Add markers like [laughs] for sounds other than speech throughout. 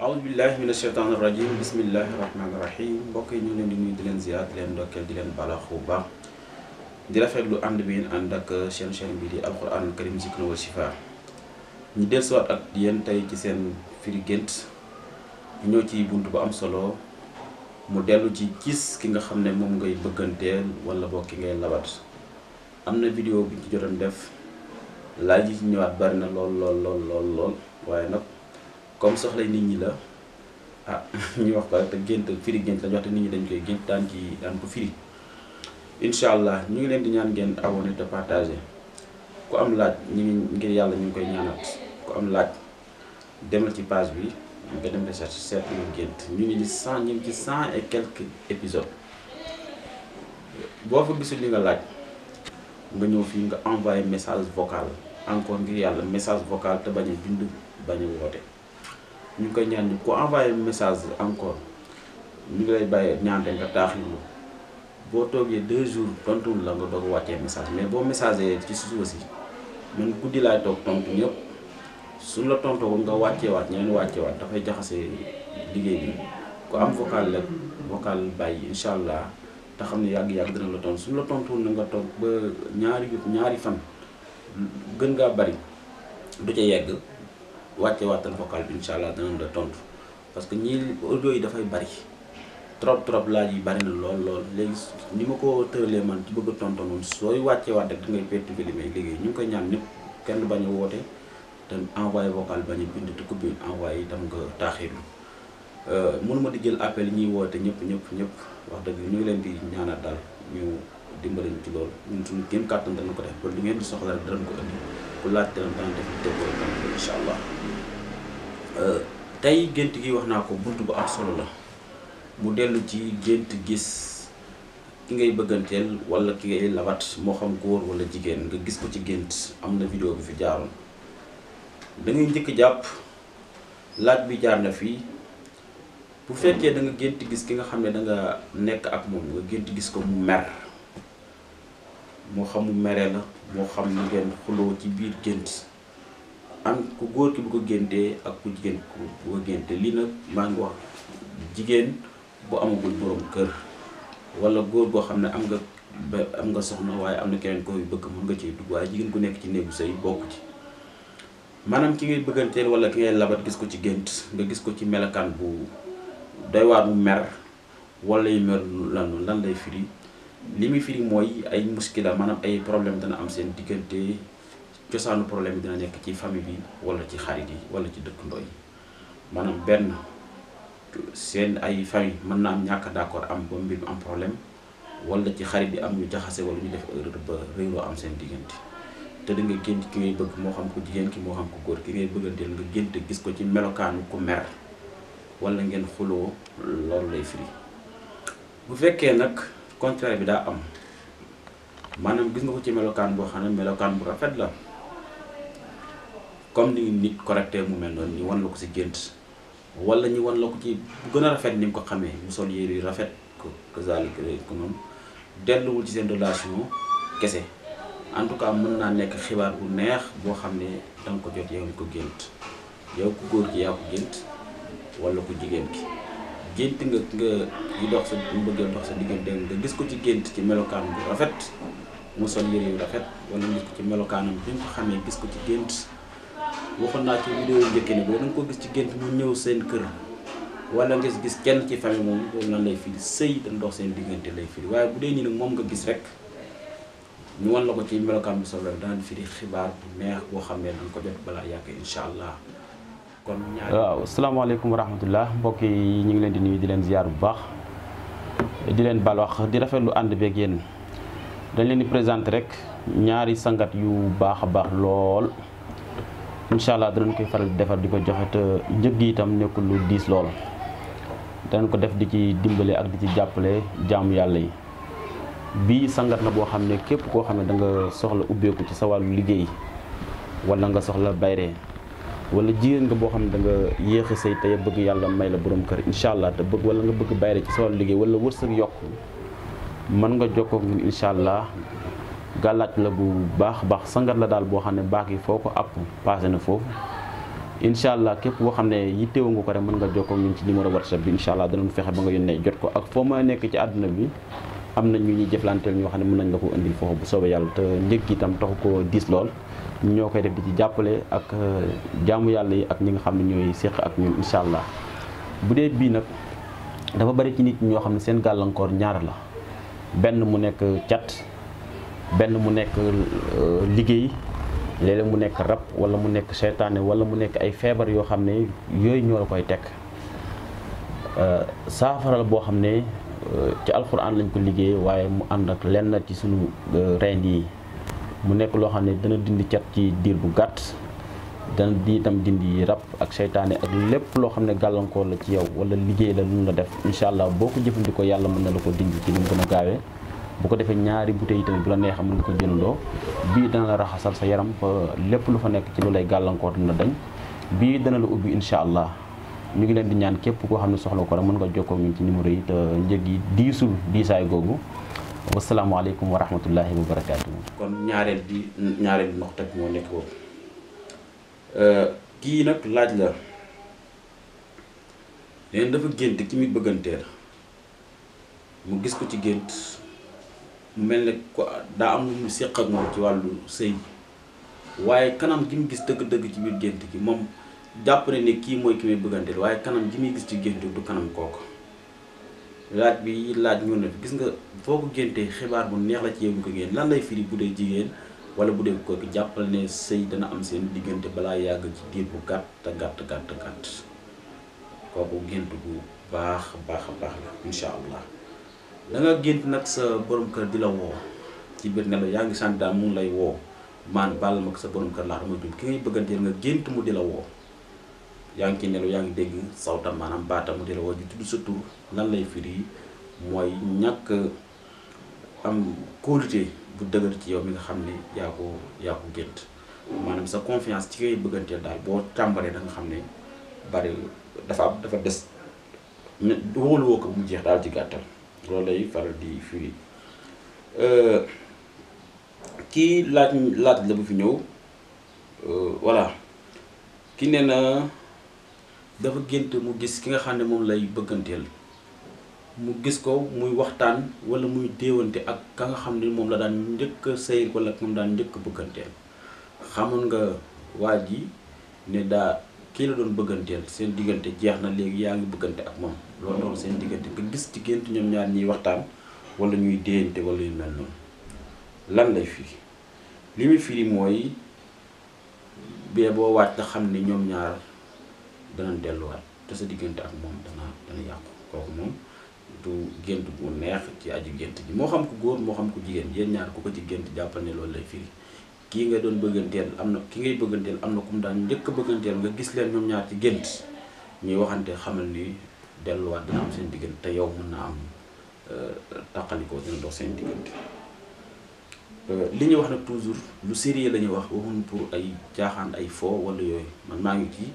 awuzu billahi mina sheytaani rajim bismillahi rahmaani rahim mbokk yi ñu leen di nuyu di leen ziar di leen ndokkeel di leen balax bu baax di lu ànd bi ngeen ànd ak seen chaîne bi di alquran karim zikr wa shifa ñu dellusiwaat ak yéen tey ci seen firi gént ñëw ci bunt bu am solo mu dellu ci gis ki nga xam ne moom ngay bëgganteel wala boo ki ngay labat am na vidéo bi ñu ci jotoon def laaj yi ci ñëwaat bari na lool lool lool lool waaye nag comme soxlay nit ñi la ah [laughs] ñu wax ko te gént firi gént lañu wax nit ñi dañ koy gént daan ci daan ko firi incha allah ñu ngi leen di ñaan ngeen abonné te partagé ku am laaj ñu ngi ngir yàlla ñu ngi koy ñaanat ku am laaj demal ci page bi nga dem recherche seet ñu gént ñu ngi ci cent ñu ngi ci cent et quelques épisodes boo fa gisul li nga laaj nga ñëw fii nga envoyé message vocal encore ngir yàlla message vocal te bañ a bind woote ñu ngi koy ñaan ku envoyé message encore ñu ngi lay bàyyi ñaante nga taaxirlu boo toogee deux jours tontuwul la nga doog a wàccee message mais boo messager ci suuf si mun guddi laay toog tontu ñëpp suñ la tontoo nga wàcce waat ñeneen wàccee waat dafay jaxase liggéey bi ku am vocal la vocal bàyyi incha allah te xam ne yàgg-yàgg dina la tontu suñ la tontuwul na nga toog ba ñaari ñaari fan gën ngaa bari du ca yegg. wàcce waatal vocal bi incha allah danañ a tontu parce que ñii audio yi dafay bari trop trop laaj yi bari na lool lool léegi ni ma ko tëralee man ci bëgg a tontu sooy wàcce waat rek dangay perturbé li may liggéey ñu ko koy ñaan nit kenn bañ a woote te envoyé vocal bañ a bind te ku bind envoyé itam nga taaxirlu. Euh, mënuma di jël appel ñuy woote ñëpp ñëpp ñëpp wax dëgg ñu ngi leen di ñaanal daal ñu dimbali ci loolu ñun suñu gën kàttan danañ ko def kon li ngeen di soxla rek danañ ko indi ku laaj def ko incha allah euh, tey gi wax naa ko bunt bu am solo la mu dellu ci gént gis ki ngay bëgganteel wala ki ngay labat moo xam góor wala jigéen nga gis ko ci gént am na vidéo bi fi jaaroon da ngay njëkk jàpp laaj bi jaar na fii. bu fekkee danga gént gis ki nga xam ne danga nekk ak moom nga gént gis ko mu mer moo xam mu mere la moo xam ni ngeen xuloo ci biir gént am ku góor ki bu ko géntee ak ku jigéen ku bu lii nag maa jigéen bu amagul borom kër wala góor goo ne am nga am nga soxna waaye am na keneen koy bëgg mën nga ciy dugg jigéen ku nekk ci néegu sëy bokk ci maanaam ki ngay bëgganteel wala ki ngay labat gis ko ci gént nga gis ko ci melakaan bu doy waar mu mer wala yu mer lan lan lay firi li muy firi mooy ay muskila maanaam ay problème dana am seen diggante cosaanu problème yi dina nekk ci famille bi wala ci xarit yi wala ci dëkk dëkkandoo yi maanaam benn seen ay famille mën naa am ñàkk d'accord am ba mbir mi am problème wala ci xarit yi am ñu jaxase wala ñu def erreur ba réeroo am seen diggante te da nga gént ki ngay bëgg moo xam ko jigéen ki moo xam ko góor ki ngay bëgganteel nga gént gis ko ci melokaanu ku mer wala ngeen xuloo loolu lay firi bu fekkee nag contraire bi daa am maanaam gis nga ko ci melokaan boo xam ne melokaan bu rafet la comme ni nit correcté mu mel noonu ñu wan la ko si gént wala ñu wan la ko ci bu gën a rafet ni nga ko xamee mu sol yére yu rafet ko kazalik ko noonu delluwul ci seen relation kese en tout cas mën naa nekk xibaar bu neex boo xam ne danga ko jot yow ko gént yow ku góor ki yaa ko gént wala ku jigéen ki gént nga nga yu dox sa mu bëggee dox sa diggante nga gis ko ci gént ci melokaan bu rafet mu sol yére yu rafet wala ci melokaanam bi nga ko xamee gis ko ci gént waxoon naa ci vidéo yu ko gis ci gént mu ñëw seen kër wala nga gis kenn ci famille moom loolu nan lay firi sëy dañ dox seen diggante lay firi waaye bu dee nii nag moom nga gis rek ñu wan ko ci melokaan bu solo daan firi xibaar bu neex boo xam ne danga ko jot balaa yàgg incha allah waaw salaamaaleykum wa rahmatullah mbokk yi ñu ngi leen di nuyu di leen ziar bu baax di leen bal wax di lu ànd beeg yéen dañ leen di présenté rek ñaari sangat yu baax a baax lool incha allah danañ koy faral di defar di ko joxe te njëg gi itam nekkul lu diis lool danañ ko def di ci dimbale ak di ci jàppale jaamu yàlla yi bii sangat la boo xam ne képp koo xam ne danga soxla ubbeeku ci sa wàllu liggéey wala nga soxla bayree wala jigéen nga boo xam ne da nga yéex a sëy bëgg yàlla may la borom kër incha allah te bëgg wala nga bëgg bàyyi ci sa wàllu liggéey wala wërsëg yokku mën nga jokkoo ñun allah gàllaaj la bu baax baax sangat la daal boo xam ne baax yi foo ko app passé na foofu. incha allah képp boo xam ne yittewu nga ko rek mën nga jokkoo ñun ci numéro whatsapp bi incha allah danañ fexe ba nga yónnee jot ko ak foo ma nekk ci àdduna bi. am nañ ñu ñuy jëflanteel ñoo xam ne mën nañ la ko indi foofu bu soobee yàlla te njëg gi itam taxu ko diis lool ñoo koy def di ci jàppale ak euh, jaamu yàlla yi ak ñi nga xam ne ñooy séq ak ñu incha allah bu dee bii nag dafa bari ci nit ñoo xam ne seen gàllankoor ñaar la benn mu nekk cat benn mu nekk euh, liggéey léeg mu nekk rab wala mu nekk seytaane wala mu nekk ay feebar yoo xam ne yooyu ñoo la koy tekk euh, saafara la boo xam ne Euh, ci alxuraan lañ ko liggéey waaye mu ànd ak lenn ci suñu euh, rend yi mu nekk loo xam ne dana dindi cat ci diir bu gàtt dana di itam dindi rab ak seytaane ak lépp loo xam ne gàllankoor la ci yow wala liggéey la lu la def incha allah boo jëfandikoo yàlla mën na la ko dindi ci mu gën a gaawee bu ko defee ñaari bouteille itam bu la neexee mën nga ko jëndoo bii dana la raxasal sa yaram lépp lu fa nekk ci lu lay gàllankoor dina dañ bii dana la ubbi incha allah ñu ngi leen di ñaan képp koo xam ne soxla ko rek mën nga jokkoo ñun ci numéro yi te njëg yi diisul diisaay googu wasalaamualeykum wa rahmatullahi wa barakaatu. kon ñaareel bi ñaareel bi ndox moo nekk boobu euh, kii nag laaj la neen dafa gént ki muy bëgganteel mu gis ko ci gént mel ne ko daa am lu mu séq ak moom ci wàllu sëy waaye kanam gi mu gis dëgg-dëgg ci biir gént gi moom. jàpp ne ni kii mooy ki may bëgganteel waaye kanam ji muy gis ci gént du kanam kooku laaj bi laaj ñëw gis nga foo ko xibaar bu neex la ci ko ngeen lan lay firi bu dee jigéen wala bu dee kooku jàppal ne sëy dana am seen diggante balaa yàgg ci diir bu gàtt te gàtt gàtt gàtt kooku gént bu baax baax la incha nag sa borom kër di la woo ci biir nelaw yaa ngi sant daal mu lay woo maan bàll ma ko sa borom kër laa dama jum ki ngay bëgganteel nga gént mu di la woo yaa ngi ciy nelaw yaa ngi dégg sawtam maanaam baatam di la woo di tudd sa tur lan lay firi mooy ñàkk am kóolute bu dëgër ci yow mi nga xam ne yaa ko yaa ko gént maanaam sa confiance ci kay bëgganteel daal boo tàmbalee da xam ne bari dafa am dafa des wóoluwoo ko mu jeex daal ci gàttal loolu lay faral di firi euh, kii laaj laaj la bu fi ñëw euh, voilà ki nee na dafa gént mu gis ki nga xam ne moom lay bëgganteel mu gis ko muy waxtaan wala muy déewante ak ka nga xam ne moom la daan njëkk a sëy wala moom daan njëkk a bëgganteel xamoon nga waa ji ne daa kii la doon bëgganteel seen diggante jeex na léegi yaa ngi bëggante ak moom loolu doon seen diggante nga gis ci gént ñoom ñaar nii waxtaan wala ñuy déeyante wala yu mel noonu lan lay firi li muy firi mooy bee boo waaj nga xam ne ñoom ñaar dana delluwaat te sa diggante ak moom dana dana yàqu kooku moom du gént bu neex ci aju gént ji moo xam ko góor moo xam ko jigéen yéen ñaar ku ko ci gént jàppal ne loolu lay fii kii nga doon bëgganteel am na ki ngay bëgganteel am na ku mu daan njëkk a bëgganteel nga gis leen ñoom ñaar ci gént ñuy waxante xamal ni delluwaat dina am seen diggante te yow mën naa am euh, tàqalikoo dina dox seen diggante euh, li ñuy wax nag toujours lu sérieux la wax waxuñ pour ay jaaxaan ay fo wala yooyu man maa ngi ci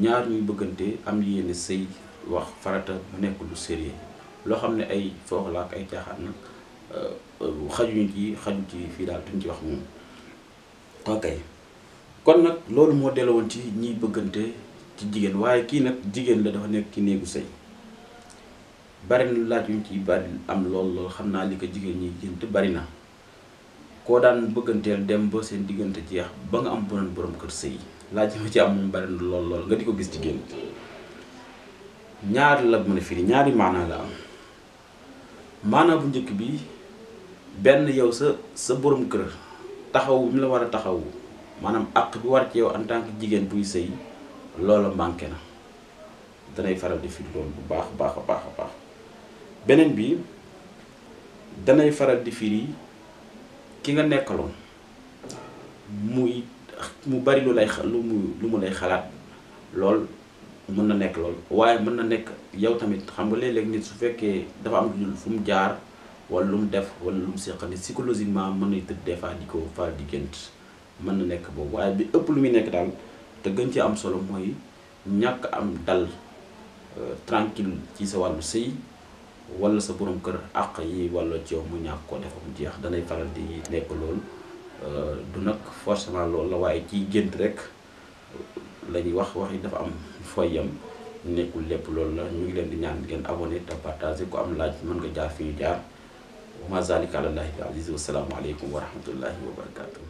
ñaar ñuy bëggante am yéene sëy wax farata mu nekk lu sérieux loo xam ne ay foox la ak ay caaxaan nag euh, xajuñu ci xaju ci fii daal duñ ci wax moom ok kon nag loolu moo woon ci ñiy bëggante ci jigéen waaye kii nag jigéen la dafa nekk ci néegu sëy bari na laaj yuñ ci bari am lool lool xam naa li ko jigéen ñi jënt bari na koo daan bëgganteel dem ba seen diggante jeex ba nga am bonoon borom kër sëy laaj yi ci am moom bari na lool lool nga di ko gis ci gént ñaari la mën a firi ñaari maanaa la am maanaa bu njëkk bi benn yow sa sa boroom kër taxawu bi mu la war a taxawu maanaam àq bi war ci yow en jigéen buy sëy loola manqué na danay faral di firi loolu bu baax a baax a baax a baax beneen bi danay faral di firi ki nga nekkaloon muy. mu bari lu lay lu mu lu mu lay xalaat lool mën na nekk lool waaye mën na nekk yow tamit xam nga léeg-léeg nit su fekkee dafa am fu mu jaar wala lu mu def wala lu mu seqal nit psychologiquement des fois di ko faral di mën na nekk boobu waaye bi ëpp lu muy nekk daal te gën ci am solo mooy ñàkk am dal euh, tranquille ci sa wàllu sëy wala sa borom kër àq yi wala ci yow mu ñàkk ko def mu jeex danay faral di nekk loolu Euh, du nag forcément loolu la waaye ciy gént rek la ñuy wax wax yi dafa am foyam nekkul lépp loolu la ñu ngi leen di ñaan ngeen abonné te partagé ku am laaj mën nga jaar fi ñu jaar wa ma zalika alallaahi bi aziz wa salaamu aleykum wa wa barakatuh